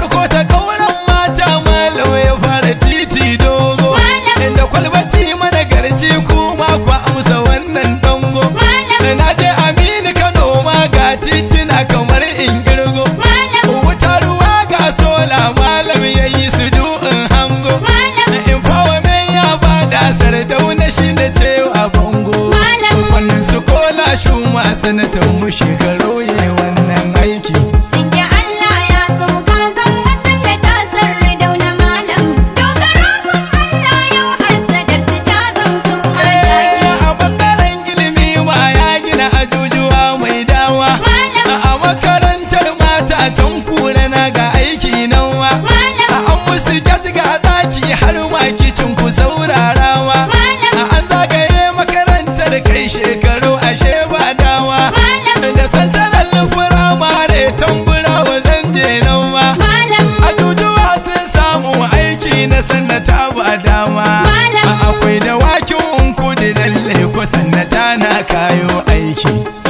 farko ta kauran mata malam ya fara titi dogo inda kwalbati mana garci kuma kwa amsa wannan dango na je aminu kano ma ga titina kamar in girgo wuta ruwa ga sola malam ya yi su in hango in fawa men ya bada na shi na cewa bango wannan su kola shuma sanatan mushi ki har ma kicin ku saurarawa an zagaye makarantar kai shekaru ashe sheba dawa da santarar lufura mare tambura wa zanje nan ma ajujuwa sun samu aiki na sannata ba dama akwai da ku da lalle ku sannata na kayo aiki